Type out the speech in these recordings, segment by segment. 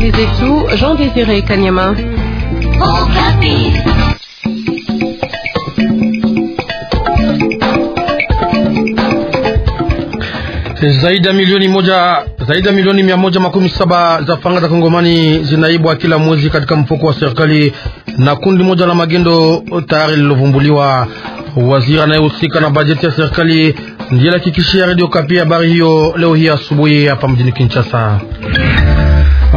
et tout, Jean Désiré Kanyama. Zaidi ya milioni moja zaidi ya milioni mia moja makumi saba za fanga za Kongomani zinaibwa kila mwezi katika mfuko wa serikali na kundi moja la magendo tayari lilovumbuliwa. Waziri anayehusika na bajeti ya serikali ndiye alihakikishia Radio Kapi habari hiyo leo hii asubuhi hapa mjini Kinshasa.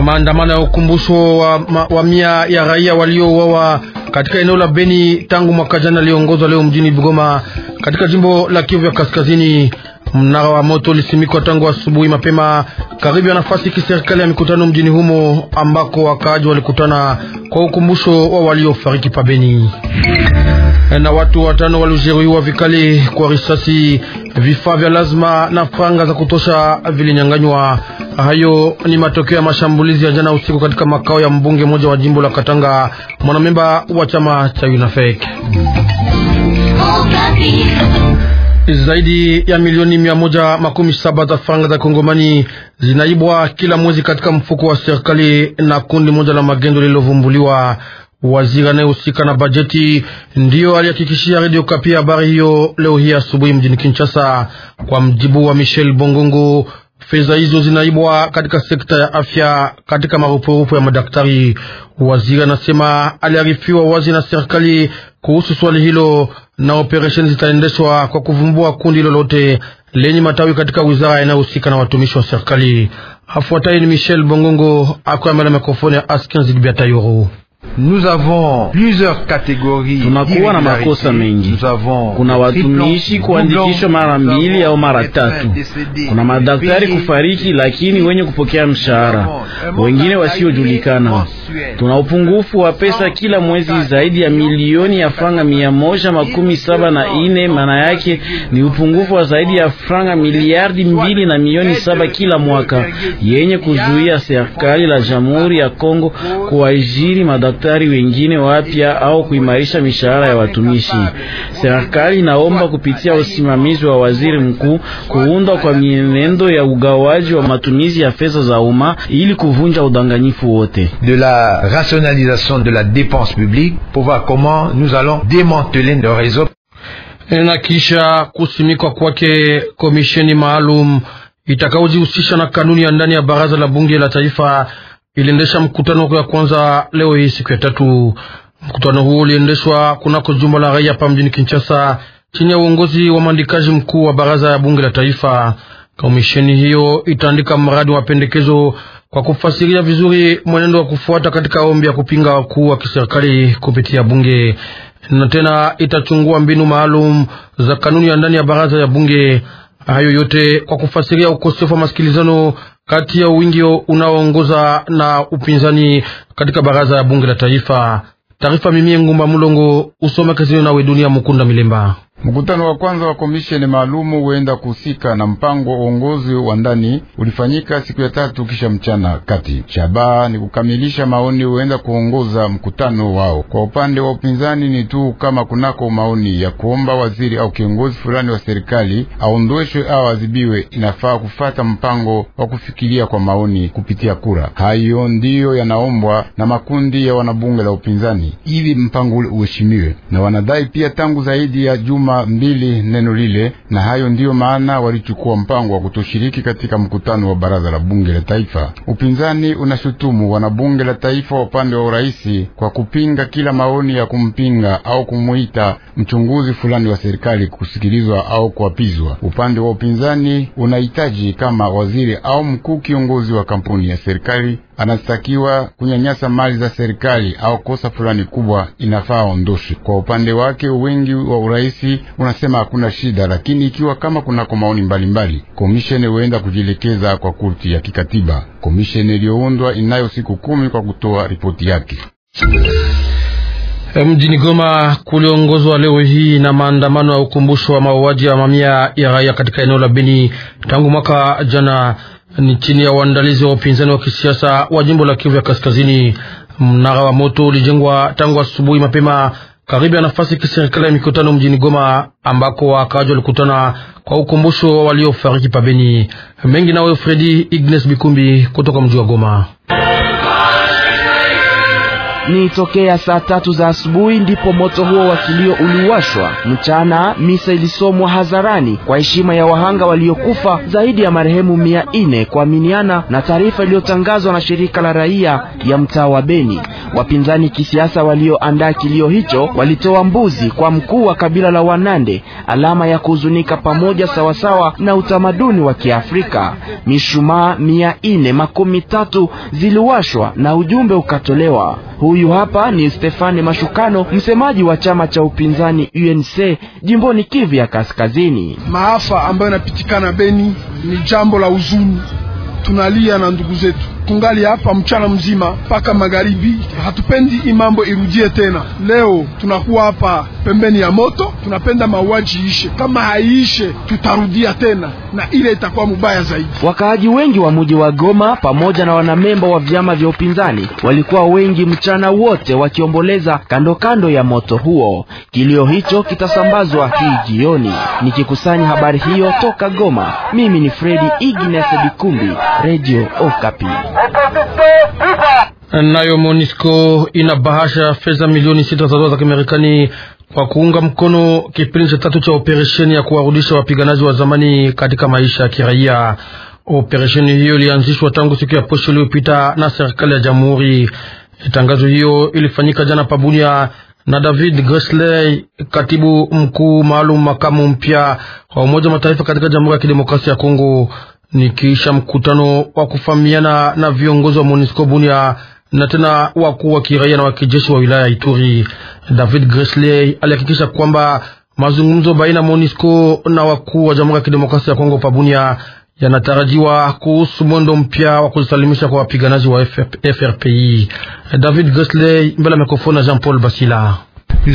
Maandamano ya ukumbusho wa, ma, wa mia ya raia waliouawa katika eneo la Beni tangu mwaka jana liongozwa leo mjini Bugoma katika jimbo la Kivu ya Kaskazini. Mnara wa moto ulisimikwa tangu asubuhi mapema karibu ya nafasi kiserikali ya mikutano mjini humo, ambako wakaaji walikutana kwa ukumbusho wa waliofariki pa beni Na watu watano walijeruhiwa vikali kwa risasi Vifaa vya lazima na panga za kutosha vilinyanganywa. Hayo ni matokeo ya mashambulizi ya jana usiku katika makao ya mbunge mmoja wa jimbo la Katanga, mwanamemba wa chama cha UNAFEC. Zaidi ya milioni mia moja makumi saba za faranga za Kongomani zinaibwa kila mwezi katika mfuko wa serikali na kundi moja la magendo lililovumbuliwa waziri anayehusika na bajeti ndiyo alihakikishia Redio Kapi habari hiyo leo hii asubuhi mjini Kinshasa. Kwa mjibu wa Michel Bongongo, fedha hizo zinaibwa katika sekta ya afya katika marupurupu ya madaktari. Waziri anasema aliarifiwa wazi na serikali kuhusu swali hilo, na operesheni zitaendeshwa kwa kuvumbua kundi lolote lenye matawi katika wizara inayohusika na watumishi wa serikali. Afuatayi ni Michel Bongongo akiwa mbele mikrofoni ya Askin Zigbiatayoro tunakuwa na makosa mengi. Kuna watumishi kuandikishwa mara mbili au mara tatu, kuna madaktari kufariki, lakini wenye kupokea mshahara wengine wasiojulikana. Tuna upungufu wa pesa kila mwezi zaidi ya milioni ya franga mia moja makumi saba na ine. Maana yake ni upungufu wa zaidi ya franga miliardi mbili na milioni saba kila mwaka yenye kuzuia serikali la Jamhuri ya Kongo kuajiri madaktari madaktari wengine wapya au kuimarisha mishahara ya watumishi. Serikali inaomba kupitia usimamizi wa waziri mkuu kuundwa kwa mienendo ya ugawaji wa matumizi ya fedha za umma ili kuvunja udanganyifu wote. De la rationalisation de la dépense publique pour voir comment nous allons démanteler le réseau na kisha kusimikwa kwake komisheni maalum itakaojihusisha na kanuni ya ndani ya baraza la bunge la taifa iliendesha mkutano ya kwanza leo hii siku ya tatu. Mkutano huu uliendeshwa kunako jumba la raia hapa mjini Kinshasa chini ya uongozi wa mwandikaji mkuu wa baraza ya bunge la taifa. komisheni hiyo itaandika mradi wa pendekezo kwa kufasiria vizuri mwenendo wa kufuata katika ombi ya kupinga wakuu wa kiserikali kupitia bunge, na tena itachungua mbinu maalum za kanuni ya ndani ya baraza ya bunge. Hayo yote kwa kufasiria ukosefu wa masikilizano kati ya wingi unaoongoza na upinzani katika baraza ya bunge la taifa. Taarifa mimi Ngumba Mulongo usoma kesini na Wedunia Mukunda Milemba. Mkutano wa kwanza wa komisheni maalumu huenda kuhusika na mpango wa uongozi wa ndani ulifanyika siku ya tatu kisha mchana kati. Shabaha ni kukamilisha maoni huenda kuongoza mkutano wao. Kwa upande wa upinzani ni tu kama kunako maoni ya kuomba waziri au kiongozi fulani wa serikali aondoshwe au azibiwe, inafaa kufata mpango wa kufikiria kwa maoni kupitia kura. Hayo ndiyo yanaombwa na makundi ya wanabunge la upinzani ili mpango ule uheshimiwe, na wanadai pia tangu zaidi ya juma juma mbili neno lile, na hayo ndiyo maana walichukua mpango wa kutoshiriki katika mkutano wa baraza la bunge la taifa. Upinzani unashutumu wanabunge la taifa wa upande wa uraisi kwa kupinga kila maoni ya kumpinga au kumuita mchunguzi fulani wa serikali kusikilizwa au kuapizwa. Upande wa upinzani unahitaji kama waziri au mkuu kiongozi wa kampuni ya serikali anastakiwa kunyanyasa mali za serikali au kosa fulani kubwa, inafaa aondoshwe. Kwa upande wake, wengi wa uraisi unasema hakuna shida, lakini ikiwa kama kunako maoni mbalimbali, komishene huenda kujielekeza kwa kurti ya kikatiba. Komishene iliyoundwa inayo siku kumi kwa kutoa ripoti yake. Mjini Goma kuliongozwa leo hii na maandamano ya ukumbusho wa mauaji ya mamia ya raia katika eneo la Beni tangu mwaka jana ni chini ya uandalizi wa upinzani wa kisiasa wa jimbo la Kivu ya Kaskazini. Mnara wa moto ulijengwa tangu asubuhi mapema karibu ya nafasi kiserikali ya mikutano mjini Goma, ambako wakaaji walikutana kwa ukumbusho wa waliofariki pabeni. Mengi nawe Fredi Ignes Bikumbi kutoka mji wa Goma ni tokea saa tatu za asubuhi ndipo moto huo wa kilio uliwashwa. Mchana misa ilisomwa hadharani kwa heshima ya wahanga waliokufa zaidi ya marehemu mia nne kuaminiana na taarifa iliyotangazwa na shirika la raia ya mtaa wa Beni. Wapinzani kisiasa walioandaa kilio hicho walitoa mbuzi kwa mkuu wa kabila la Wanande, alama ya kuhuzunika pamoja sawasawa na utamaduni wa Kiafrika. Mishumaa mia ine makumi tatu ziliwashwa na ujumbe ukatolewa. Huyu hapa ni Stefane Mashukano, msemaji wa chama cha upinzani UNC jimboni Kivu ya Kaskazini. Maafa ambayo inapitikana Beni ni jambo la huzuni, tunalia na ndugu zetu tungali hapa mchana mzima mpaka magharibi. Hatupendi mambo irudie tena. Leo tunakuwa hapa pembeni ya moto, tunapenda mauaji ishe. Kama haiishe, tutarudia tena na ile itakuwa mubaya zaidi. Wakaaji wengi wa mji wa Goma pamoja na wanamemba wa vyama vya upinzani walikuwa wengi mchana wote wakiomboleza kando kando ya moto huo. Kilio hicho kitasambazwa hii jioni. Nikikusanya habari hiyo toka Goma, mimi ni Fredi Ignace Bikumbi, Radio Okapi. Nayo Monisco ina bahasha fedha milioni sita za dola za Kimarekani kwa kuunga mkono kipindi cha tatu cha operesheni ya kuwarudisha wapiganaji wa zamani katika maisha ya kiraia. Operesheni hiyo ilianzishwa tangu siku ya posho iliyopita na serikali ya jamhuri. Tangazo hiyo ilifanyika jana pabunia na David Gresley, katibu mkuu maalum makamu mpya wa Umoja wa Mataifa katika Jamhuri ya Kidemokrasia ya Kongo nikiisha mkutano wa kufahamiana na viongozi wa Monisco Bunia na tena wakuu wa kiraia na wa kijeshi wa wilaya ya Ituri. David Gresley alihakikisha kwamba mazungumzo baina ya MONUSCO na wakuu wa Jamhuri ya Kidemokrasia ya Kongo pabunia yanatarajiwa kuhusu mwendo mpya wa kujisalimisha kwa wapiganaji wa FRPI. David Gresley mbele ya mikrofoni na Jean Paul Basila. Uh,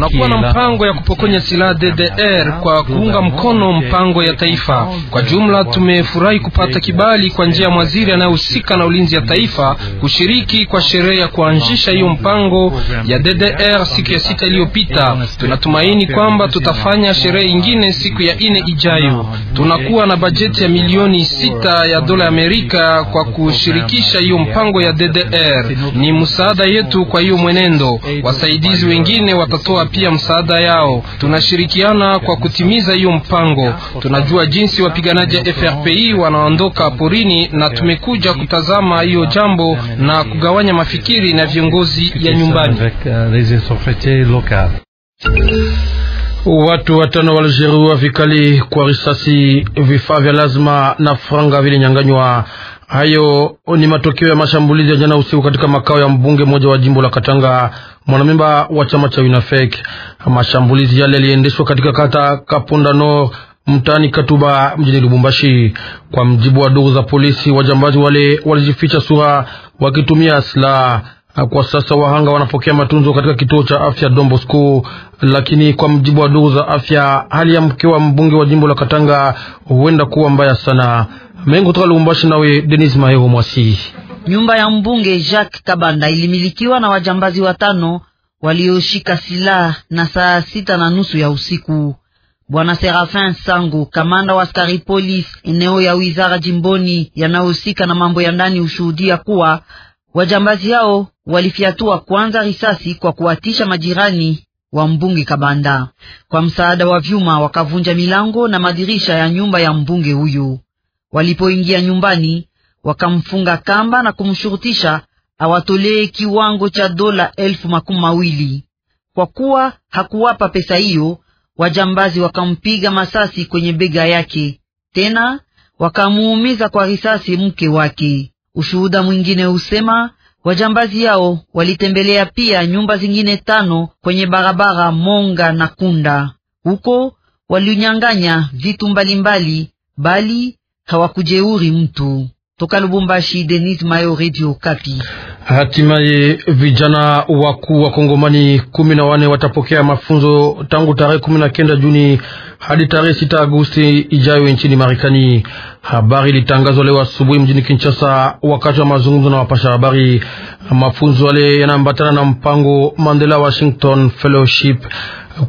tunakuwa na uh, mpango ya kupokonya silaha DDR kwa kuunga mkono mpango ya taifa kwa jumla. Tumefurahi kupata kibali kwa njia ya mwaziri anayehusika na ulinzi ya taifa kushiriki kwa sherehe ya kuanzisha hiyo mpango ya DDR siku ya sita iliyopita. Tunatumaini kwamba tutafanya sherehe ingine siku ya ine ijayo. Tunakuwa na bajeti ya milioni sita ya dola ya Amerika kwa kushirikisha hiyo mpango ya DDR. Ni msaada yetu kwa hiyo mwenendo Wasaidizi wengine watatoa pia msaada yao. Tunashirikiana kwa kutimiza hiyo mpango. Tunajua jinsi wapiganaji wa FRPI wanaondoka porini, na tumekuja kutazama hiyo jambo na kugawanya mafikiri na viongozi ya nyumbani. Watu watano walijeruhiwa vikali kwa risasi, vifaa vya lazima na franga vilinyanganywa. Hayo ni matokeo ya mashambulizi ya jana usiku katika makao ya mbunge mmoja wa jimbo la Katanga, mwanamemba wa chama cha UNAFEC. Mashambulizi yale yaliendeshwa katika kata Kapunda Nord mtaani Katuba mjini Lubumbashi. Kwa mjibu wa ndugu za polisi, wajambazi wale walijificha sura wakitumia silaha. Kwa sasa wahanga wanapokea matunzo katika kituo cha afya Dombo School, lakini kwa mjibu wa ndugu za afya, hali ya mke wa mbunge wa jimbo la Katanga huenda kuwa mbaya sana. Mengutra Lubumbashi nawe Denis Mahero Mwasi. Nyumba ya mbunge Jacques Kabanda ilimilikiwa na wajambazi watano walioshika silaha na saa sita na nusu ya usiku. Bwana Serafin Sango, kamanda wa askari polisi eneo ya wizara jimboni yanayohusika na mambo ya ndani, hushuhudia kuwa wajambazi hao walifyatua kwanza risasi kwa kuwatisha majirani wa mbunge Kabanda. Kwa msaada wa vyuma, wakavunja milango na madirisha ya nyumba ya mbunge huyu. Walipoingia nyumbani, wakamfunga kamba na kumshurutisha awatolee kiwango cha dola elfu makumi mawili. Kwa kuwa hakuwapa pesa hiyo, wajambazi wakampiga masasi kwenye bega yake, tena wakamuumiza kwa risasi mke wake. Ushuhuda mwingine husema wajambazi yao walitembelea pia nyumba zingine tano kwenye barabara Monga na Kunda. Huko walinyang'anya vitu mbalimbali, bali hawakujeuri mtu. Toka Lubumbashi, Denis Mayo, Radio Kapi. Hatimaye vijana wakuu wa Kongomani kumi na wane watapokea mafunzo tangu tarehe kumi na kenda Juni hadi tarehe sita Agosti ijayo nchini Marekani. Habari ilitangazwa leo asubuhi mjini Kinshasa wakati wa mazungumzo na wapasha habari. Mafunzo yale yanaambatana na mpango Mandela Washington Fellowship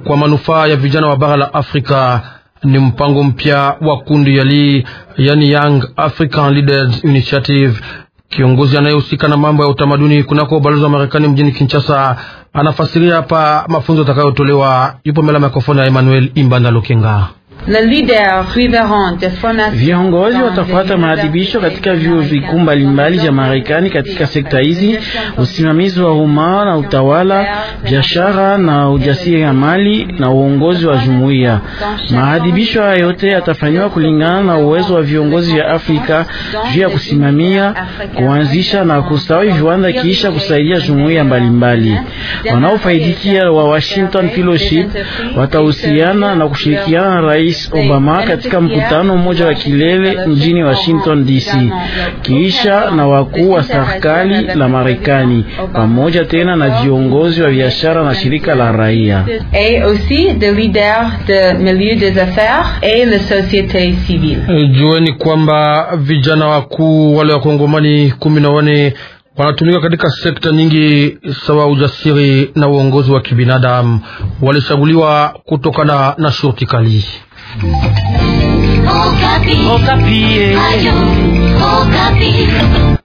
kwa manufaa ya vijana wa bara la Afrika ni mpango mpya wa kundi yali, yani Young African Leaders Initiative. Kiongozi anayehusika na mambo ya utamaduni kunako ubalozi wa Marekani mjini Kinshasa anafasiria hapa mafunzo yatakayotolewa. Yupo mbele ya mikrofoni ya Emmanuel Imbanda Lokenga. Viongozi watafuata maadhibisho katika vyuo vikuu mbalimbali vya Marekani katika sekta hizi: usimamizi wa umma na utawala, biashara na ujasiri mali na uongozi wa jumuiya. Maadhibisho haya yote yatafanywa kulingana na uwezo wa viongozi vya Afrika juu ya kusimamia, kuanzisha na kustawi viwanda kisha kusaidia jumuiya mbalimbali wanaofaidikia wa Washington Fellowship watahusiana na kushirikiana na Rais Obama katika mkutano mmoja wa kilele mjini Washington DC, kisha na wakuu wa serikali la Marekani pamoja tena na viongozi wa biashara na shirika la raia. Eh, jueni kwamba vijana wakuu wale wakongomani kumi na wane wanatumika katika sekta nyingi sawa ujasiri na uongozi wa kibinadamu, walichaguliwa kutokana na shurti kali. Okapi. Oh, Okapi. Oh, eh.